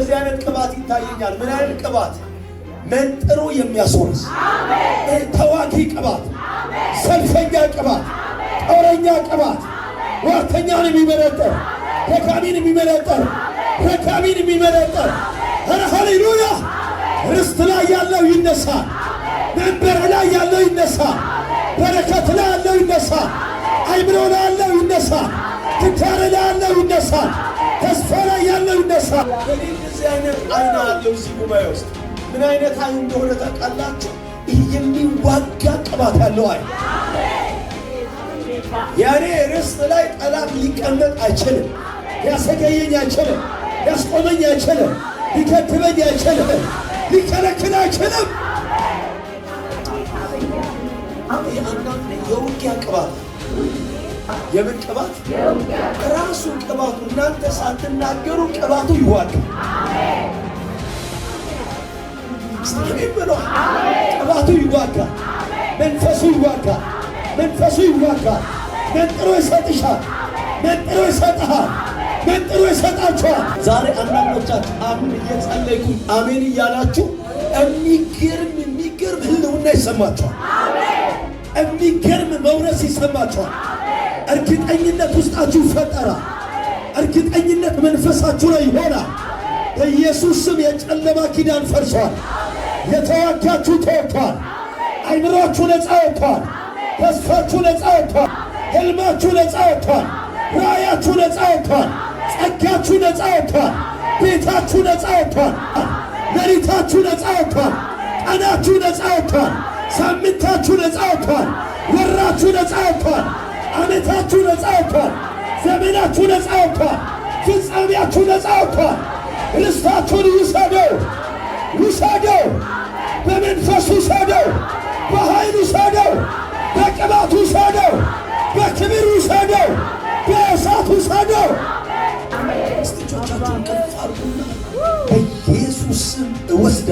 እንደዚህ አይነት ቅባት ይታየኛል። ምን አይነት ቅባት? መንጥሮ የሚያስወርስ ተዋጊ ቅባት፣ ሰልፈኛ ቅባት፣ ጦረኛ ቅባት፣ ዋርተኛን የሚመለጠር ረካቢን የሚመለጠር ረካቢን የሚመለጠር ኧረ ሃሌሉያ! ርስት ላይ ያለው ይነሳ፣ መንበር ላይ ያለው ይነሳ፣ በረከት ላይ ያለው ይነሳ፣ አይምሮ ላይ ያለው ይነሳ፣ ትዳር ላይ ያለው ይነሳ ተስፋ ላይ ያለው ይነሳል። እኔ እንደዚህ አይነት አይና አለው እዚህ ጉባኤ ውስጥ ምን አይነት አይን እንደሆነ ታውቃላችሁ? ይህ የሚዋጋ ቅባት ያለው አይን ያኔ ርስት ላይ ጠላት ሊቀመጥ አይችልም። ሊያሰገየኝ አይችልም። ሊያስቆመኝ አይችልም። ሊከትበኝ አይችልም። ሊከለክል አይችልም። አንዳንድ የውጊያ ቅባት የምን ቅባት? ራሱ ቅባቱ እናንተ ሳትናገሩ ቅባቱ ይዋጋል። ቅባቱ ይዋጋል። መንፈሱ ይዋጋል። መንፈሱ ይዋጋ፣ መንጥሮ ይሰጥሻል። መንጥሮ ይሰጥሃል። መንጥሮ ይሰጣችኋል። ዛሬ አንዳንዶቻችሁ አሁን እየጸለይኩኝ አሜን እያላችሁ የሚገርም የሚገርም ህልውና ይሰማችኋል። የሚገርም መውረስ ይሰማችኋል። እርግጠኝነት ውስጣችሁ ይፈጠራል። እርግጠኝነት መንፈሳችሁ ላይ ይሆናል። በኢየሱስ ስም የጨለማ ኪዳን ፈርሷል። የተዋጋችሁ ተወጥቷል። አይምራችሁ ነፃ ወጥቷል። ተስፋችሁ ነፃ ወጥቷል። ሕልማችሁ ነፃ ወጥቷል። ራእያችሁ ነፃ ወጥቷል። ጸጋችሁ ነፃ ወጥቷል። ቤታችሁ ነፃ ወጥቷል። ሌሊታችሁ ነፃ ወጥቷል። ቀናችሁ ነፃ ወጥቷል። ሳምንታችሁ ነፃ ወጥቷል። ወራችሁ ነፃ ወጥቷል። አመታችሁ ነፃ ወጥቷል። ዘመናችሁ ነፃ ወጥቷል። ፍጻሜያችሁ ነፃ ወጥቷል። ርስታችሁን ውሰደው፣ ውሰደው፣ በመንፈሱ ውሰደው፣ በኃይሉ ውሰደው፣ በቅባቱ ውሰደው፣ በክብር ውሰደው፣ በእሳት ውሰደው። እጆቻችሁን ከፍ አድርጉና በኢየሱስ ስም እወስዳለሁ